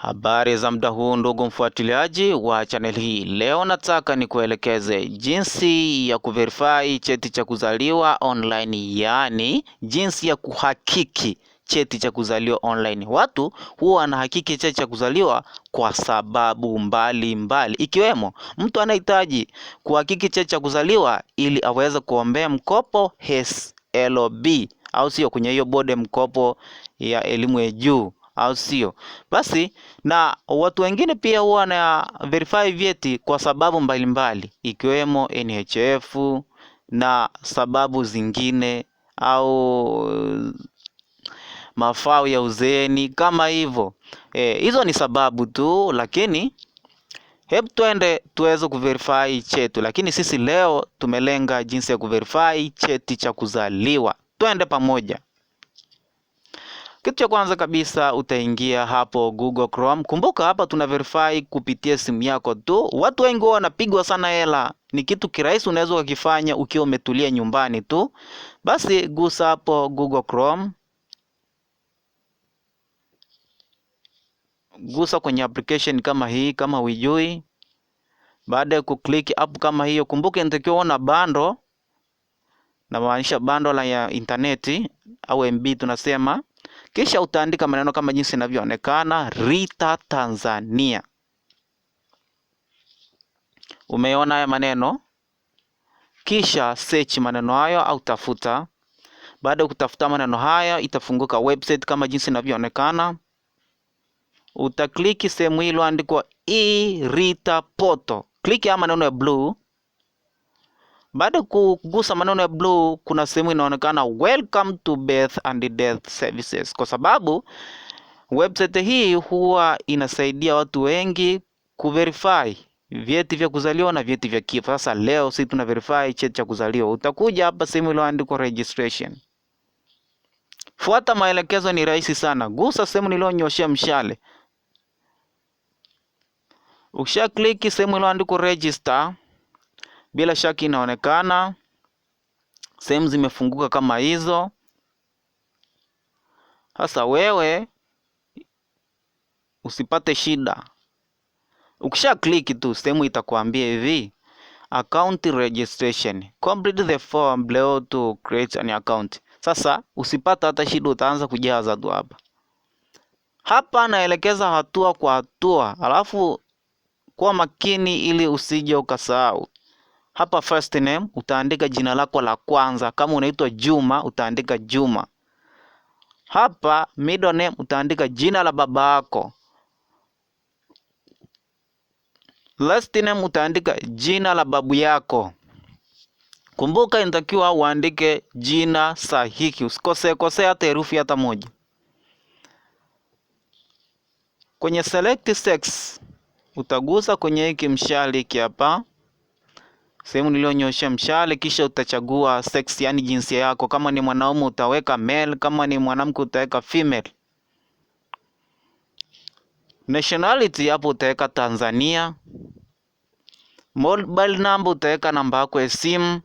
Habari za muda huu, ndugu mfuatiliaji wa channel hii, leo nataka nikuelekeze jinsi ya kuverify cheti cha kuzaliwa online, yaani jinsi ya kuhakiki cheti cha kuzaliwa online. Watu huwa wanahakiki cheti cha kuzaliwa kwa sababu mbalimbali mbali, ikiwemo mtu anahitaji kuhakiki cheti cha kuzaliwa ili aweze kuombea mkopo HESLB, au sio, kwenye hiyo bodi mkopo ya elimu ya juu au sio. Basi na watu wengine pia huwa na verify vyeti kwa sababu mbalimbali ikiwemo NHF na sababu zingine au mafao ya uzeeni kama hivyo. E, hizo e, ni sababu tu, lakini hebu twende tuweze kuverify chetu, lakini sisi leo tumelenga jinsi ya kuverify cheti cha kuzaliwa. Twende pamoja. Kitu cha kwanza kabisa utaingia hapo Google Chrome. Kumbuka hapa tuna verify kupitia simu yako tu. Watu wengi wao wanapigwa sana hela, ni kitu kirahisi unaweza ukakifanya ukiwa umetulia nyumbani tu. Basi gusa hapo Google Chrome, gusa kwenye application kama hii, kama wijui. Baada ya kuklik app kama hiyo, kumbuka inatakiwa uona bando, namaanisha bando la ya interneti au MB tunasema kisha utaandika maneno kama jinsi inavyoonekana Rita Tanzania. Umeona haya maneno, kisha search maneno hayo au tafuta. Baada ya kutafuta maneno haya, itafunguka website kama jinsi inavyoonekana. Utakliki sehemu hii iliyoandikwa e-Rita Poto, kliki ya maneno ya bluu baada kugusa maneno ya bluu, kuna sehemu inaonekana welcome to birth and death services, kwa sababu website hii huwa inasaidia watu wengi kuverify vyeti vya kuzaliwa na vyeti vya kifo. Sasa leo si tuna verify cheti cha kuzaliwa, utakuja hapa sehemu iliyoandikwa registration. Fuata maelekezo, ni rahisi sana. Gusa sehemu nilionyoshia mshale. Ukisha click sehemu iliyoandikwa register bila shaka inaonekana sehemu zimefunguka kama hizo. Sasa wewe usipate shida, ukisha click tu sehemu itakuambia hivi account registration complete the form below to create an account. Sasa usipata hata shida, utaanza kujaza tu hapa hapa. Naelekeza hatua kwa hatua, alafu kuwa makini ili usije ukasahau. Hapa first name utaandika jina lako la kwanza. Kama unaitwa Juma utaandika Juma. Hapa middle name utaandika jina la baba yako. Last name utaandika jina la babu yako. Kumbuka inatakiwa uandike jina sahihi, usikose kosea hata herufi hata moja. Kwenye select sex utagusa kwenye hiki mshale hiki hapa sehemu nilionyosha mshale, kisha utachagua sex, yani jinsia yako. Kama ni mwanaume utaweka male, kama ni mwanamke utaweka female. Nationality hapo utaweka Tanzania. Mobile number utaweka namba yako ya simu.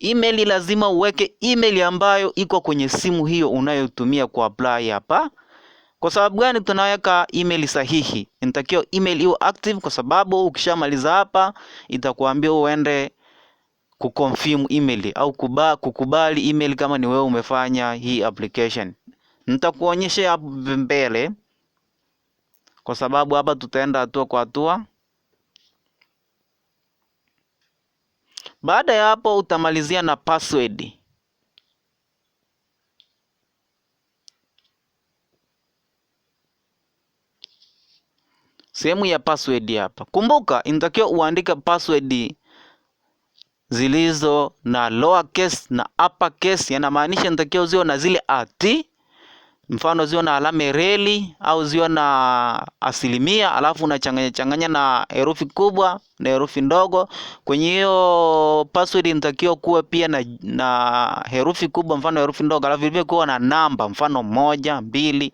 Email lazima uweke email ambayo iko kwenye simu hiyo unayotumia ku apply hapa kwa sababu gani tunaweka email sahihi? Inatakiwa email iwe active, kwa sababu ukishamaliza hapa itakuambia uende kuconfirm email au kuba, kukubali email kama ni wewe umefanya hii application. Nitakuonyesha hapo mbele, kwa sababu hapa tutaenda hatua kwa hatua. Baada ya hapo utamalizia na password. sehemu ya password hapa. Kumbuka inatakiwa uandike password zilizo na lower case na upper case, yanamaanisha inatakiwa zio na zile ati mfano zio na alama reli au zio na asilimia, alafu unachanganya changanya na herufi kubwa na herufi ndogo. Kwenye hiyo password inatakiwa kuwa pia na, na herufi kubwa, mfano herufi ndogo, alafu vilevile kuwa na namba, mfano moja, mbili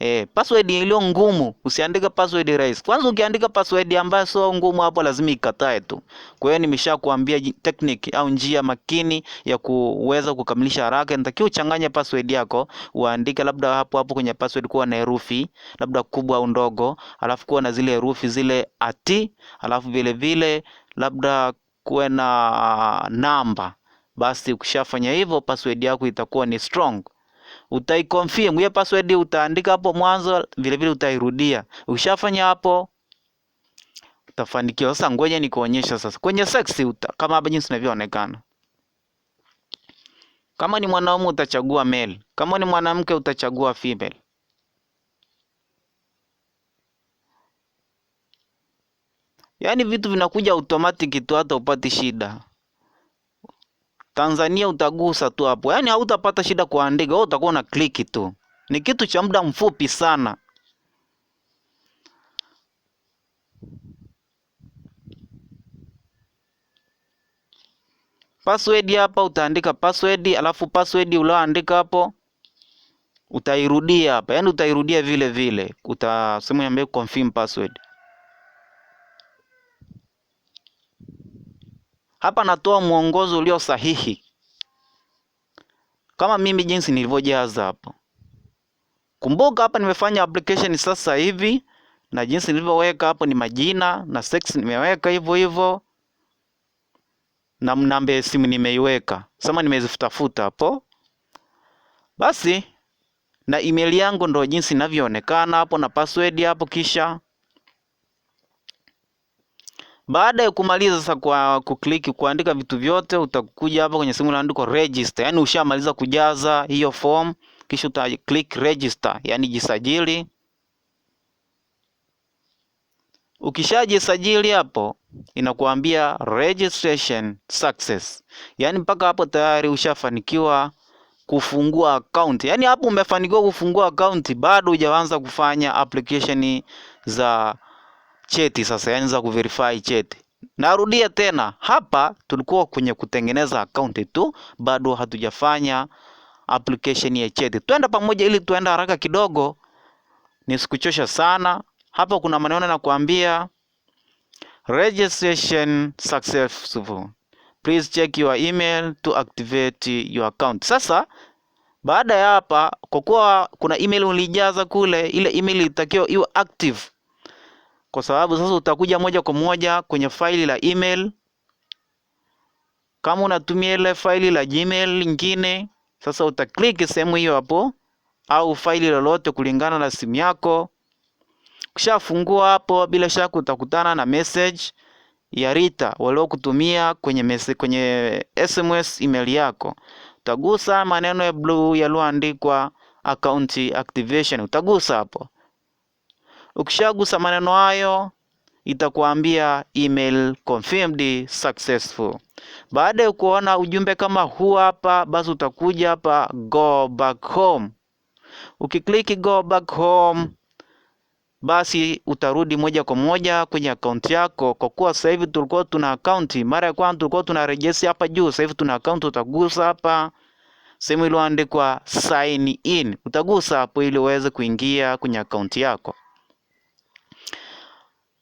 Eh, password iliyo ngumu usiandike password rahisi. Kwanza ukiandika password ambayo sio ngumu hapo lazima ikatae tu. Kwa hiyo nimeshakuambia technique au njia makini ya kuweza kukamilisha haraka. Inatakiwa uchanganye password yako, uandike labda hapo hapo kwenye password kuwa na herufi labda kubwa au ndogo, alafu kuwa na zile herufi zile ati, alafu vile vile labda kuwe na namba. Basi ukishafanya hivyo password yako itakuwa ni strong utaiconfirm hiyo password, utaandika hapo mwanzo, vilevile utairudia. Ukishafanya hapo utafanikiwa. Sasa ngoja nikuonyesha sasa kwenye sex uta, kama hapa jinsi inavyoonekana. Kama ni mwanaume utachagua male, kama ni mwanamke utachagua female. Yaani vitu vinakuja automatic tu, hata upati shida. Tanzania utagusa tu hapo, yaani hautapata shida kuandika, wewe utakuwa na click tu. Ni kitu cha muda mfupi sana. Password hapa utaandika password, alafu password ulioandika hapo utairudia hapa, yaani utairudia vile vile, uta sehemu confirm password Hapa natoa mwongozo ulio sahihi, kama mimi jinsi nilivyojaza hapo. Kumbuka hapa nimefanya application sasa hivi, na jinsi nilivyoweka hapo ni majina na sex nimeweka hivyo hivyo, na namba ya simu nimeiweka, sema nimezifutafuta hapo. Basi na email yangu ndo jinsi inavyoonekana hapo na password hapo, kisha baada ya kumaliza sasa kwa kukliki kuandika vitu vyote, utakuja hapa kwenye simu inaandikwa register, yaani ushamaliza kujaza hiyo form, kisha uta click register, yani jisajili. Ukishajisajili hapo inakuambia registration success, yaani mpaka hapo tayari ushafanikiwa kufungua akaunti. Yaani hapo umefanikiwa kufungua akaunti, bado hujaanza kufanya application za cheti sasa, yani za kuverify cheti. Narudia tena, hapa tulikuwa kwenye kutengeneza akaunti tu, bado hatujafanya application ya cheti. Twenda pamoja ili tuenda haraka kidogo, nisikuchosha sana. Hapa kuna maneno nakuambia registration successful, please check your email to activate your account. Sasa baada ya hapa, kwa kuwa kuna email ulijaza kule, ile email itakiwa iwe active kwa sababu sasa utakuja moja kwa moja kwenye faili la email. Kama unatumia ile faili la Gmail nyingine, sasa utaklik sehemu hiyo hapo, au faili lolote kulingana na simu yako. Ukishafungua hapo, bila shaka utakutana na message ya Rita waliokutumia kwenye message, kwenye SMS email yako. Utagusa maneno ya blue yaliyoandikwa account activation, utagusa hapo. Ukishagusa maneno hayo itakuambia email confirmed successful. Baada ya kuona ujumbe kama huu hapa, basi utakuja hapa go back home. Ukikliki go back home, basi utarudi moja kwa moja kwenye akaunti yako, kwa kuwa sasa hivi tulikuwa tuna akaunti. Mara ya kwanza tulikuwa tuna rejeshi hapa juu, sasa hivi tuna akaunti. Utagusa hapa sehemu iliyoandikwa sign in, utagusa hapo ili uweze kuingia kwenye akaunti yako.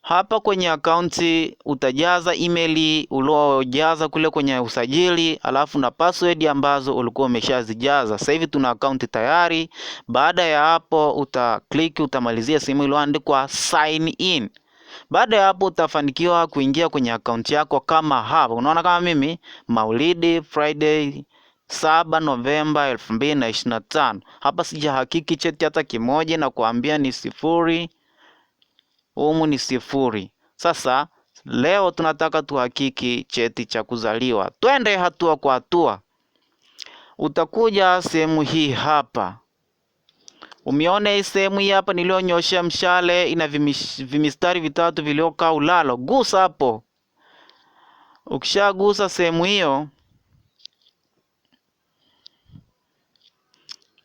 Hapa kwenye akaunti utajaza email uliojaza kule kwenye usajili, alafu na password ambazo ulikuwa umeshazijaza. Sasa hivi tuna akaunti tayari. Baada ya hapo, utaklik utamalizia sehemu iliyoandikwa sign in. Baada ya hapo utafanikiwa kuingia kwenye akaunti yako kama hapa. Unaona kama mimi Maulidi Friday 7 Novemba 2025. Hapa sijahakiki cheti hata kimoja na kuambia ni sifuri humu ni sifuri. Sasa leo tunataka tuhakiki cheti cha kuzaliwa. Twende hatua kwa hatua. Utakuja sehemu hii hapa, umeona hii sehemu hii hapa niliyonyoshea mshale, ina vimistari vitatu viliokaa ulalo. Gusa hapo. Ukishagusa sehemu hiyo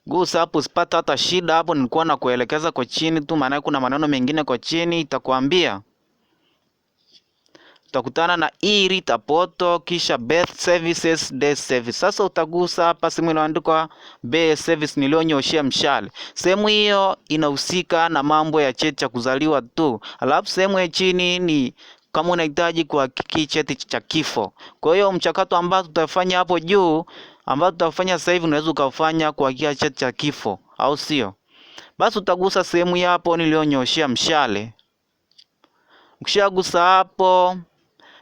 Gusa hapo usipate hata shida hapo, nilikuwa na kuelekeza kwa chini tu, maana kuna maneno mengine kwa chini itakwambia. Utakutana na iri tapoto, kisha best services, day service. Sasa utagusa hapa sehemu inaandikwa best service nilionyoshia mshale. Sehemu hiyo inahusika na mambo ya cheti cha kuzaliwa tu, alafu sehemu ya chini ni kama unahitaji kuhakiki cheti cha kifo. Kwa hiyo mchakato ambao tutafanya hapo juu ambazo tutafanya sasa hivi unaweza ukafanya kuakia cheti cha kifo, au sio? Basi utagusa sehemu ya hapo niliyonyoshea mshale. Ukishagusa hapo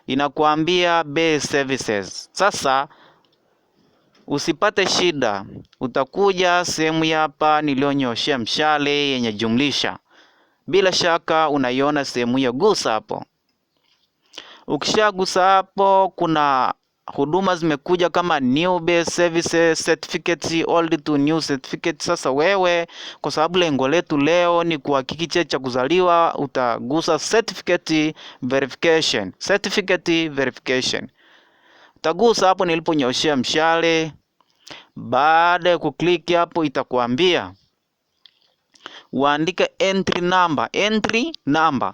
inakuambia base services. Sasa usipate shida, utakuja sehemu ya hapa niliyonyoshea mshale yenye jumlisha. Bila shaka unaiona sehemu hiyo, gusa hapo. Ukishagusa hapo, kuna huduma zimekuja kama new base services certificates, old to new certificate. Sasa wewe kwa sababu lengo letu leo ni kuhakiki cheti cha kuzaliwa, utagusa certificate verification, certificate verification utagusa hapo niliponyoshea mshale. Baada ya kukliki hapo, itakuambia uandike entry number, entry number.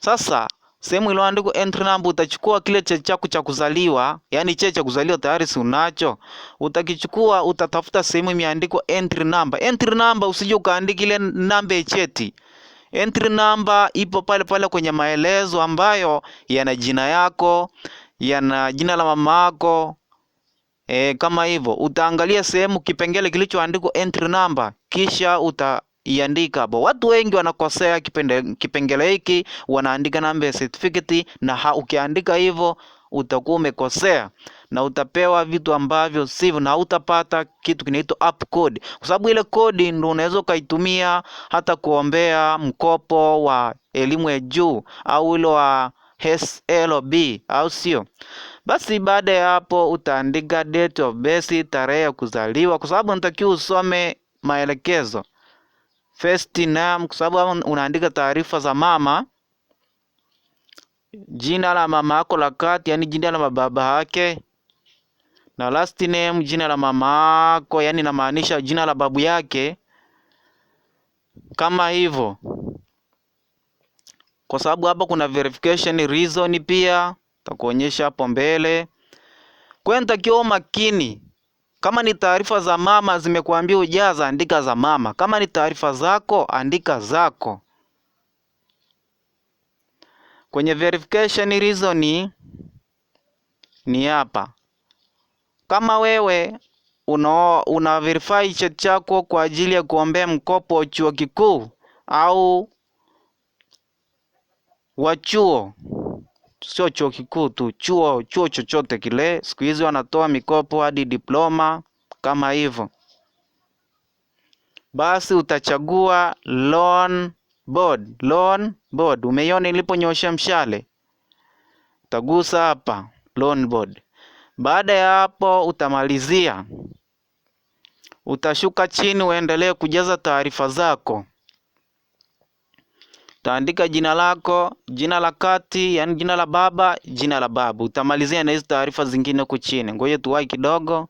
Sasa sehemu iliyoandikwa entry number, utachukua kile cheti chako cha kuzaliwa, yani cheti cha kuzaliwa tayari si unacho, utakichukua utatafuta sehemu imeandikwa entry number. Entry number usije ukaandika ile namba ya cheti. Entry number ipo pale pale kwenye maelezo ambayo yana jina yako, yana jina la mama yako, e, kama hivyo utaangalia sehemu kipengele kilichoandikwa entry number, kisha uta iandika hapo. Watu wengi wanakosea kipengele hiki, wanaandika namba ya certificate na ha, ukiandika hivyo utakuwa umekosea na utapewa vitu ambavyo sivyo, na utapata kitu kinaitwa app code, kwa sababu ile kodi ndio unaweza ukaitumia hata kuombea mkopo wa elimu ya juu au ile wa SLB au sio? Basi baada ya hapo utaandika date of birth, tarehe ya kuzaliwa, kwa sababu unatakiwa usome maelekezo first name, kwa sababu unaandika taarifa za mama, jina la mama yako la kati, yaani jina la baba yake, na last name, jina la mama yako, yaani inamaanisha jina la babu yake, kama hivyo, kwa sababu hapa kuna verification reason pia, takuonyesha hapo mbele. Kwa hiyo nitakiwa makini kama ni taarifa za mama zimekuambia ujaza, andika za mama. Kama ni taarifa zako, andika zako. Kwenye verification reason ni hapa. Kama wewe una, una verify cheti chako kwa ajili ya kuombea mkopo wa chuo kikuu au wa chuo sio chuo kikuu tu, chuo chuo chochote kile. Siku hizi wanatoa mikopo hadi diploma kama hivyo. Basi utachagua loan board, loan board. Umeiona iliponyosha mshale, utagusa hapa loan board. Baada ya hapo utamalizia, utashuka chini uendelee kujaza taarifa zako. Utaandika jina lako, jina la kati, yani jina la baba, jina la babu. Utamalizia na hizo taarifa zingine huko chini. Ngoja tuwai kidogo.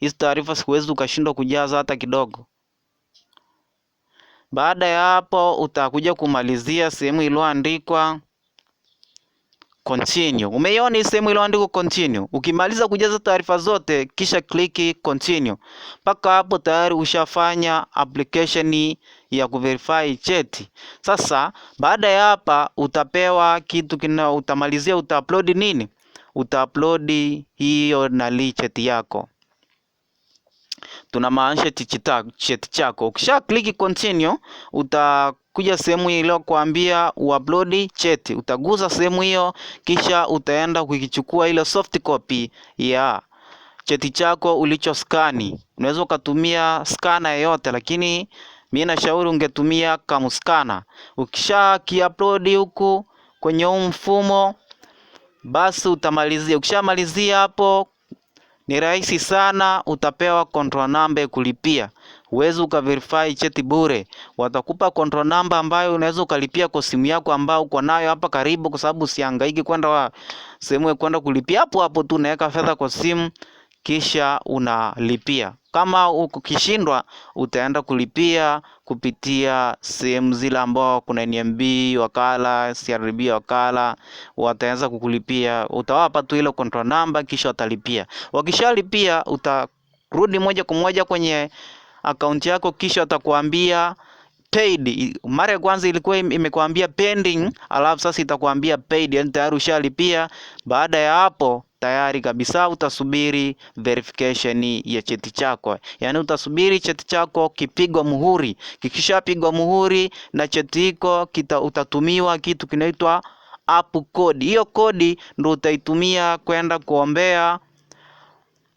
Hizo taarifa siwezi ukashindwa kujaza hata kidogo. Baada ya hapo utakuja kumalizia sehemu iliyoandikwa continue. Umeiona hii sehemu iliyoandikwa continue. Ukimaliza kujaza taarifa zote kisha kliki continue. Mpaka hapo tayari ushafanya application ya kuverify cheti. Sasa baada ya hapa utapewa kitu kina, utamalizia utaupload nini, utaupload hiyo nali cheti yako tunamaanisha cheti chako. Ukisha click continue, utakuja sehemu iliyokuambia uupload cheti, utagusa sehemu hiyo, kisha utaenda kukichukua ile soft copy ya cheti chako ulichoskani. Unaweza ukatumia skana yoyote, lakini mi nashauri ungetumia Kamuskana. Ukisha kiupload huku kwenye huu mfumo, basi utamalizia. Ukishamalizia hapo, ni rahisi sana, utapewa control number kulipia. Huwezi ukaverify cheti bure, watakupa control number ambayo unaweza ukalipia kwa simu yako ambayo uko nayo hapa karibu, kwa sababu usihangaiki kwenda sehemu kwenda kulipia, hapo hapo tu unaweka fedha kwa simu kisha unalipia. Kama ukishindwa utaenda kulipia kupitia sehemu zile ambao kuna NMB wakala, CRDB wakala wataweza kukulipia, utawapa tu ile control number kisha watalipia. Wakishalipia utarudi moja kwa moja kwenye akaunti yako, kisha watakuambia paid. Mara ya kwanza ilikuwa imekuambia pending, alafu sasa itakuambia paid, yani tayari ushalipia. Baada ya hapo tayari kabisa utasubiri verification ya cheti chako, yaani utasubiri cheti chako kipigwa muhuri. Kikishapigwa muhuri na cheti hiko kita, utatumiwa kitu kinaitwa app code. Hiyo kodi ndio utaitumia kwenda kuombea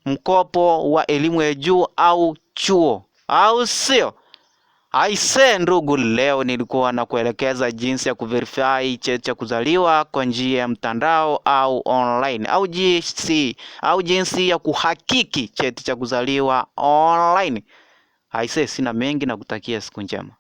mkopo wa elimu ya juu au chuo, au sio? Aise ndugu, leo nilikuwa na kuelekeza jinsi ya kuverify cheti cha kuzaliwa kwa njia ya mtandao au online au jinsi, au jinsi ya kuhakiki cheti cha kuzaliwa online. Aise, sina mengi na kutakia siku njema.